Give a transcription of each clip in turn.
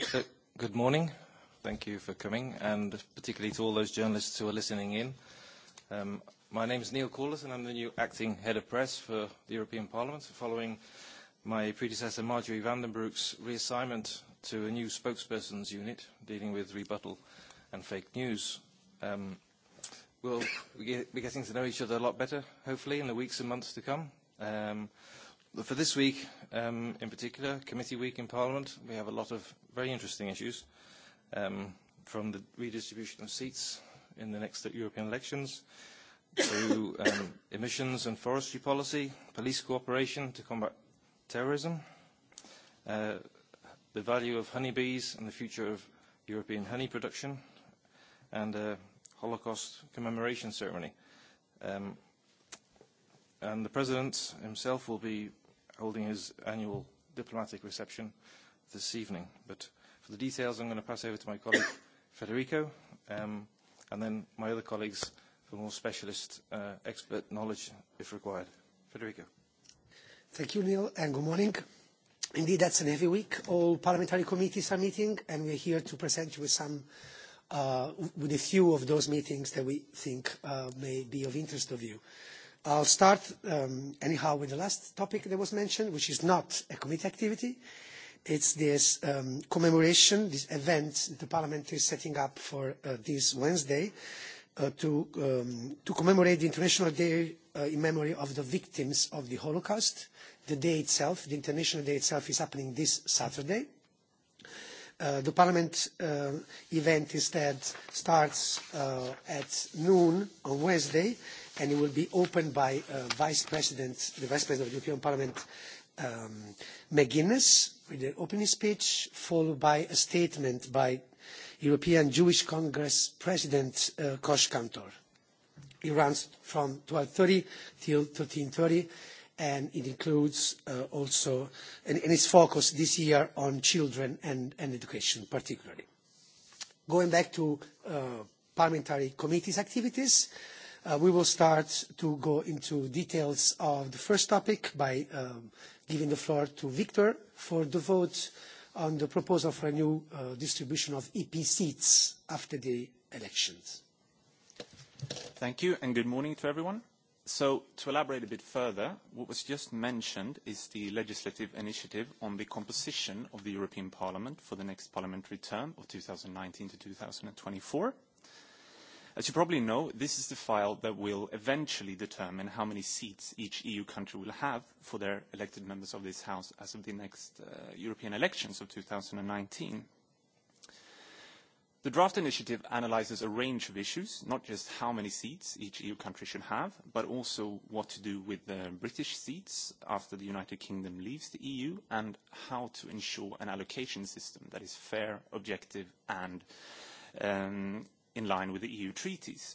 So, good morning. Thank you for coming, and particularly to all those journalists who are listening in. Um, my name is Neil Corliss, and I'm the new acting head of press for the European Parliament, following my predecessor Marjorie van den Broek's reassignment to a new spokesperson's unit dealing with rebuttal and fake news. Um, we'll be getting to know each other a lot better, hopefully, in the weeks and months to come. Um, For this week, um, in particular, committee week in Parliament, we have a lot of very interesting issues, um, from the redistribution of seats in the next European elections to um, emissions and forestry policy, police cooperation to combat terrorism, uh, the value of honeybees and the future of European honey production, and a Holocaust commemoration ceremony. Um, and the President himself will be holding his annual diplomatic reception this evening. But for the details, I'm going to pass over to my colleague Federico, um, and then my other colleagues for more specialist uh, expert knowledge if required. Federico. Thank you, Neil, and good morning. Indeed, that's an heavy week. All parliamentary committees are meeting, and we're here to present you with some, uh, with a few of those meetings that we think uh, may be of interest to you. I'll start um, anyhow with the last topic that was mentioned, which is not a committee activity. It's this um, commemoration, this event that the Parliament is setting up for uh, this Wednesday uh, to, um, to commemorate the International Day uh, in memory of the victims of the Holocaust. The day itself, the International Day itself, is happening this Saturday the Parliament event instead starts at noon on Wednesday, and it will be opened by Vice President, the Vice President of the European Parliament, um, McGuinness, with an opening speech, followed by a statement by European Jewish Congress President uh, Kosh Kantor. It runs from twelve thirty till thirteen thirty and it includes also, and it's focused this year on children and education particularly. Going back to parliamentary committees activities, we will start to go into details of the first topic by giving the floor to Victor for the vote on the proposal for a new distribution of EP seats after the elections. Thank you, and good morning to everyone. So to elaborate a bit further, what was just mentioned is the legislative initiative on the composition of the European Parliament for the next parliamentary term of 2019 to 2024. As you probably know, this is the file that will eventually determine how many seats each EU country will have for their elected members of this House as of the next uh, European elections of 2019. The draft initiative analyses a range of issues, not just how many seats each EU country should have, but also what to do with the British seats after the United Kingdom leaves the EU, and how to ensure an allocation system that is fair, objective, and um, in line with the EU treaties.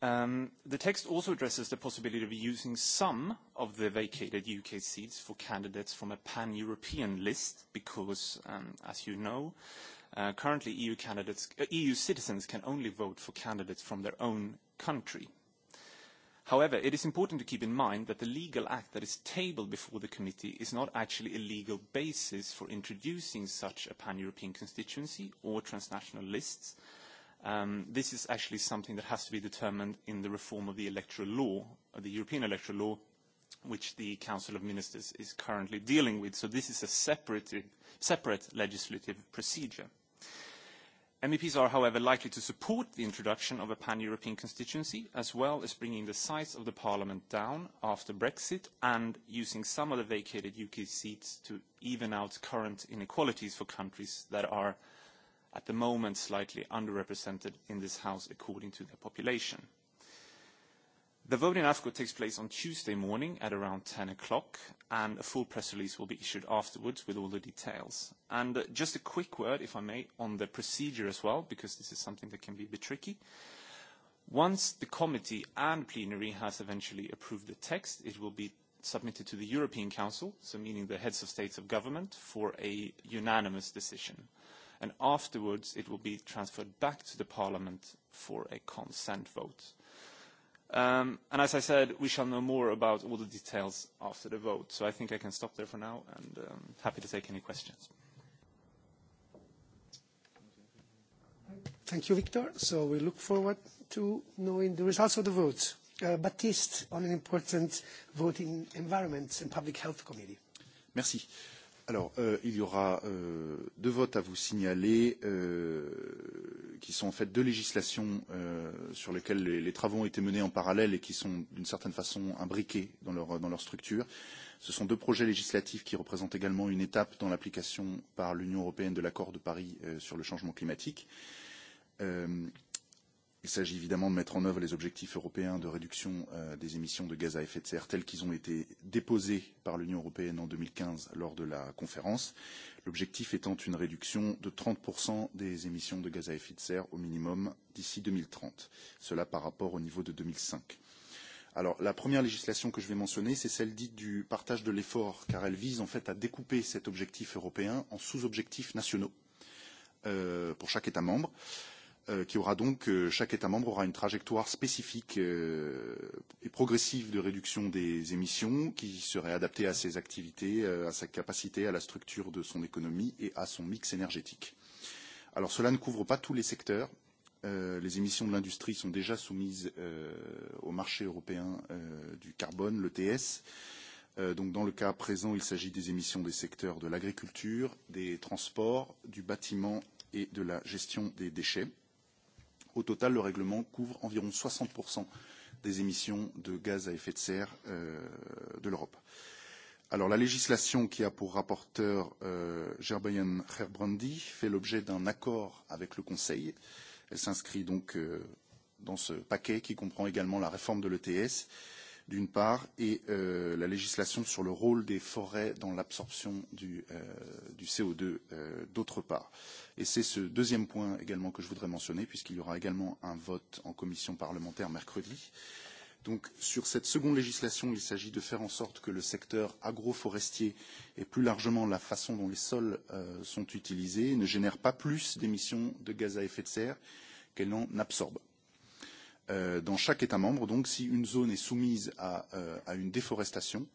Um, the text also addresses the possibility of using some of the vacated UK seats for candidates from a pan-European list, because, um, as you know, currently EU, candidates, EU citizens can only vote for candidates from their own country. However, it is important to keep in mind that the legal act that is tabled before the committee is not actually a legal basis for introducing such a pan-European constituency or transnational lists. this is actually something that has to be determined in the reform of the electoral law, of the European electoral law, which the Council of Ministers is currently dealing with. So this is a separate legislative procedure. MEPs are, however, likely to support the introduction of a pan-European constituency, as well as bringing the size of the parliament down after Brexit and using some of the vacated UK seats to even out current inequalities for countries that are at the moment slightly underrepresented in this house according to their population. The vote in AFCO takes place on Tuesday morning at around 10:00 o'clock, and a full press release will be issued afterwards with all the details. And just a quick word, if I may, on the procedure as well, because this is something that can be a bit tricky. Once the committee and plenary has eventually approved the text, it will be submitted to the European Council, so meaning the heads of states of government, for a unanimous decision. And afterwards, it will be transferred back to the Parliament for a consent vote and as I said, we shall know more about all the details after the vote. So I think I can stop there for now, and um, happy to take any questions. Thank you, Victor. So we look forward to knowing the results of the vote. Baptiste, on an important vote in Environment and Public Health Committee. Merci. Alors, euh, il y aura euh, deux votes à vous signaler, euh, qui sont en fait deux législations euh, sur lesquelles les, les travaux ont été menés en parallèle et qui sont d'une certaine façon imbriqués dans leur, dans leur structure. Ce sont deux projets législatifs qui représentent également une étape dans l'application par l'Union européenne de l'accord de Paris euh, sur le changement climatique. Euh, Il s'agit évidemment de mettre en œuvre les objectifs européens de réduction des émissions de gaz à effet de serre tels qu'ils ont été déposés par l'Union européenne en deux mille quinze lors de la conférence, l'objectif étant une réduction de trente des émissions de gaz à effet de serre au minimum d'ici deux mille trente, cela par rapport au niveau de deux mille cinq. Alors, la première législation que je vais mentionner, c'est celle dite du partage de l'effort, car elle vise en fait à découper cet objectif européen en sous-objectifs nationaux pour chaque État membre. Euh, qui aura donc chaque État membre aura une trajectoire spécifique et progressive de réduction des émissions qui serait adaptée à ses activités, à sa capacité, à la structure de son économie et à son mix énergétique. Alors cela ne couvre pas tous les secteurs. les émissions de l'industrie sont déjà soumises au marché européen du carbone, l'ETS. Donc dans le cas présent, il s'agit des émissions des secteurs de l'agriculture, des transports, du bâtiment et de la gestion des déchets Au total, le règlement couvre environ 60% des émissions de gaz à effet de serre de l'Europe. Alors la législation qui a pour rapporteur euh, Gerbayan Gerbrandi fait l'objet d'un accord avec le Conseil. Elle s'inscrit donc dans ce paquet qui comprend également la réforme de l'ETS d'une part, et euh, la législation sur le rôle des forêts dans l'absorption du, euh, du CO2, euh, d'autre part. Et c'est ce deuxième point également que je voudrais mentionner, puisqu'il y aura également un vote en commission parlementaire mercredi. Donc, sur cette seconde législation, il s'agit de faire en sorte que le secteur agroforestier et plus largement la façon dont les sols euh, sont utilisés ne génèrent pas plus d'émissions de gaz à effet de serre qu'elles n'en absorbent dans chaque État membre. Donc, si une zone est soumise à, une déforestation,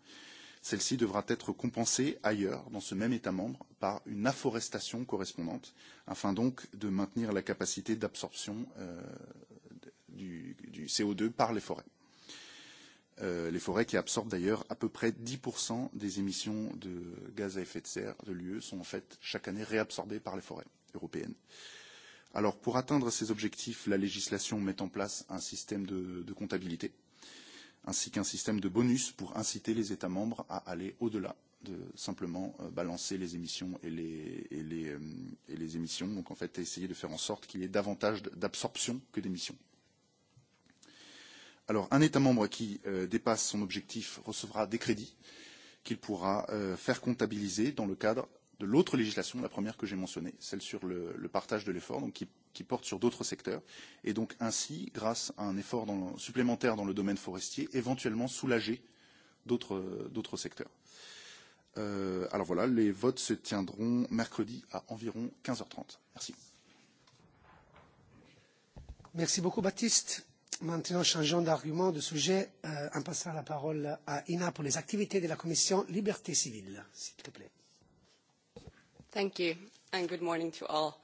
celle-ci devra être compensée ailleurs, dans ce même État membre, par une afforestation correspondante, afin donc de maintenir la capacité d'absorption du, co deux par les forêts. les forêts qui absorbent d'ailleurs à peu près dix des émissions de gaz à effet de serre de l'UE sont en fait chaque année réabsorbées par les forêts européennes. Euh, Alors pour atteindre ces objectifs, la législation met en place un système de, de comptabilité ainsi qu'un système de bonus pour inciter les États membres à aller au-delà de simplement euh, balancer les émissions et les, et, les, euh, et les émissions. Donc en fait, essayer de faire en sorte qu'il y ait davantage d'absorption que d'émissions. Alors un État membre qui euh, dépasse son objectif recevra des crédits qu'il pourra euh, faire comptabiliser dans le cadre de l'autre législation, la première que j'ai mentionnée, celle sur le, le partage de l'effort, donc qui, qui porte sur d'autres secteurs, et donc ainsi, grâce à un effort dans, supplémentaire dans le domaine forestier, éventuellement soulager d'autres secteurs. Euh, alors voilà, les votes se tiendront mercredi à environ 15h30. Merci. Merci beaucoup Baptiste. Maintenant, changeons d'argument, de sujet, euh, en passant la parole à Ina pour les activités de la Commission Liberté Civile, s'il te plaît. Thank you, and good morning to all.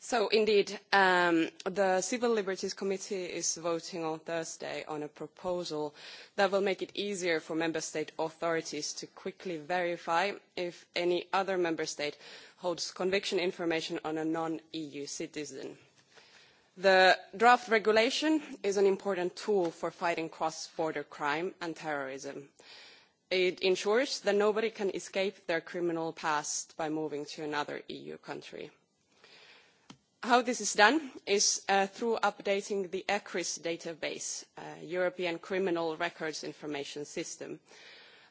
So indeed, the Civil Liberties Committee is voting on Thursday on a proposal that will make it easier for member state authorities to quickly verify if any other member state holds conviction information on a non-EU citizen. The draft regulation is an important tool for fighting cross-border crime and terrorism it ensures that nobody can escape their criminal past by moving to another EU country. How this is done is through updating the ECRIS database, European Criminal Records Information System,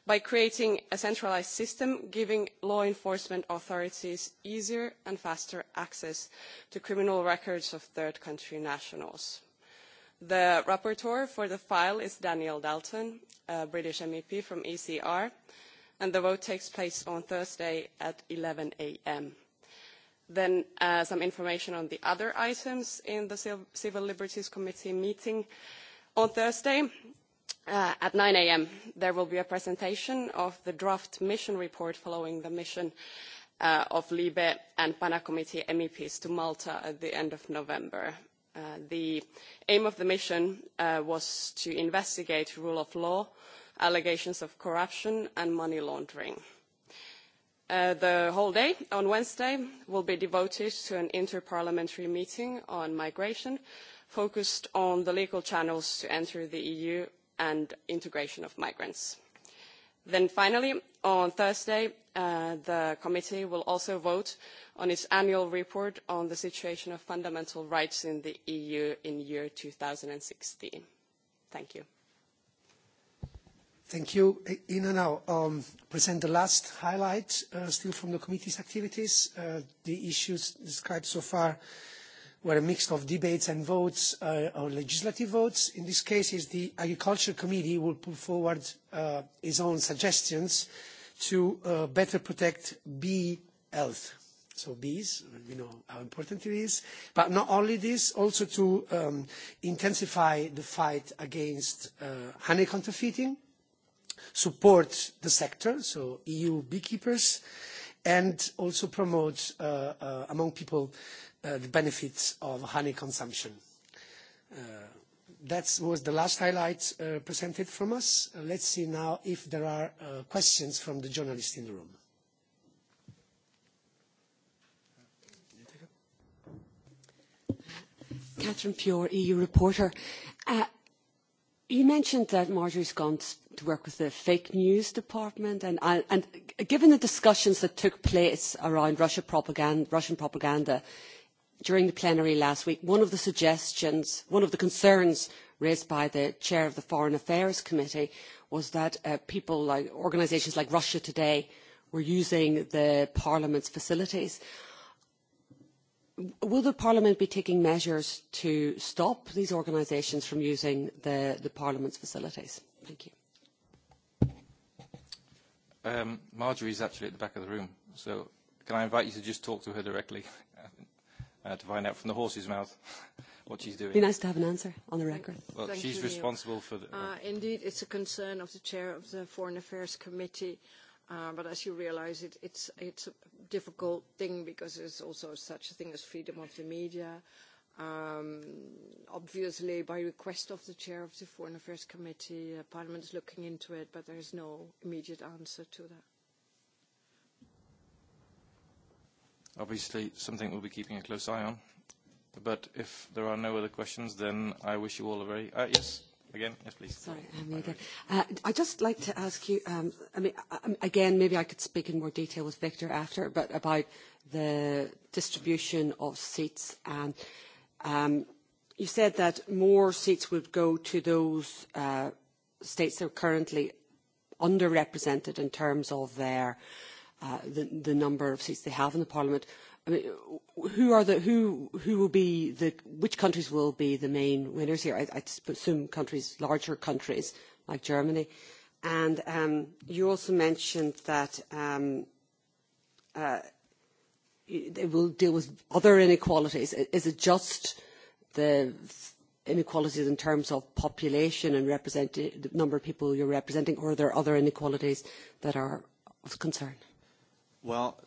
by creating a centralised system giving law enforcement authorities easier and faster access to criminal records of third country nationals The rapporteur for the file is Daniel Dalton, a British MEP from ECR, and the vote takes place on Thursday at 11 a.m. Then uh, some information on the other items in the Civil Liberties Committee meeting on Thursday uh, at 9 a.m. There will be a presentation of the draft mission report following the mission uh, of LIBE and PANA Committee MEPs to Malta at the end of November the aim of the mission was to investigate rule of law, allegations of corruption and money laundering. the whole day on Wednesday will be devoted to an inter-parliamentary meeting on migration focused on the legal channels to enter the EU and integration of migrants Then finally, on Thursday, the committee will also vote on its annual report on the situation of fundamental rights in the EU in year 2016. Thank you. Thank you. Ina now present the last highlight still from the committee's activities. the issues described so far were a mix of debates and votes or legislative votes. In this case, is the Agriculture Committee will put forward its own suggestions to better protect bee health. So bees, we know how important it is. But not only this, also to intensify the fight against honey counterfeiting, support the sector, so EU beekeepers, and also promote among people the benefits of honey consumption. That was the last highlight presented from us. Let's see now if there are questions from the journalists in the room. Catherine Pure, EU reporter. You mentioned that Marjorie's gone to work with the fake news department, and given the discussions that took place around Russian propaganda during the plenary last week, one of the suggestions, one of the concerns raised by the chair of the Foreign Affairs Committee was that people like organisations like Russia Today were using the Parliament's facilities. Will the Parliament be taking measures to stop these organisations from using the, the Parliament's facilities? Thank you. Um, actually at the back of the room, so can I invite you to just talk to her directly? uh, to find out from the horse's mouth what she's doing. It'd be nice to have an answer on the record. Well, Thank she's you, responsible for the... Uh, indeed, it's a concern of the chair of the Foreign Affairs Committee. Uh, but as you realize, it, it's, it's a difficult thing because there's also such a thing as freedom of the media. Um, obviously, by request of the chair of the Foreign Affairs Committee, uh, Parliament is looking into it, but there is no immediate answer to that. obviously something we'll be keeping a close eye on. But if there are no other questions, then I wish you all a very... Uh, yes, again, yes, please. Sorry, me again. I'd just like to ask you, um, I mean, again, maybe I could speak in more detail with Victor after, but about the distribution of seats. And um, you said that more seats would go to those uh, states that are currently underrepresented in terms of their the, the number of seats they have in the parliament. I mean, who are the who who will be the which countries will be the main winners here? I, I assume countries, larger countries like Germany. And um, you also mentioned that um, uh, they will deal with other inequalities. Is it just the inequalities in terms of population and represent the number of people you're representing, or are there other inequalities that are of concern? Well,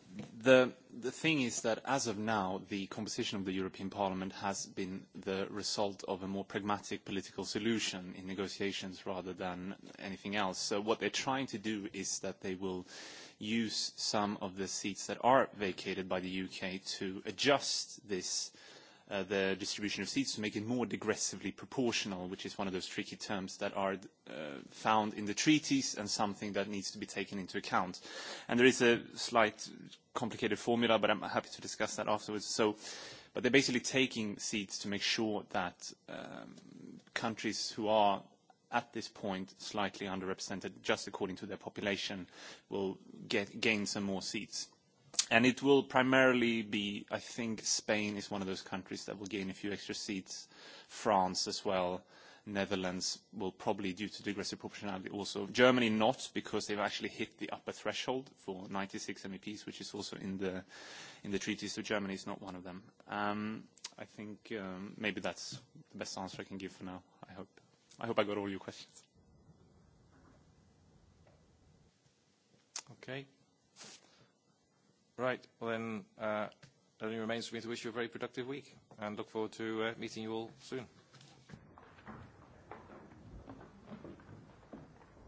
the, the thing is that as of now, the composition of the European Parliament has been the result of a more pragmatic political solution in negotiations rather than anything else. So what they're trying to do is that they will use some of the seats that are vacated by the UK to adjust this uh, the distribution of seats to make it more digressively proportional, which is one of those tricky terms that are found in the treaties and something that needs to be taken into account. And there is a slight complicated formula, but I'm happy to discuss that afterwards. So, but they're basically taking seats to make sure that countries who are at this point slightly underrepresented, just according to their population, will get, gain some more seats and it will primarily be, I think Spain is one of those countries that will gain a few extra seats, France as well, Netherlands will probably, due to degressive proportionality also, Germany not, because they've actually hit the upper threshold for 96 MEPs, which is also in the, in the treaty, so Germany is not one of them. I think maybe that's the best answer I can give for now, I hope. I hope I got all your questions. Okay. Right. Well, then, uh, only remains for me to wish you a very productive week and look forward to uh, meeting you all soon.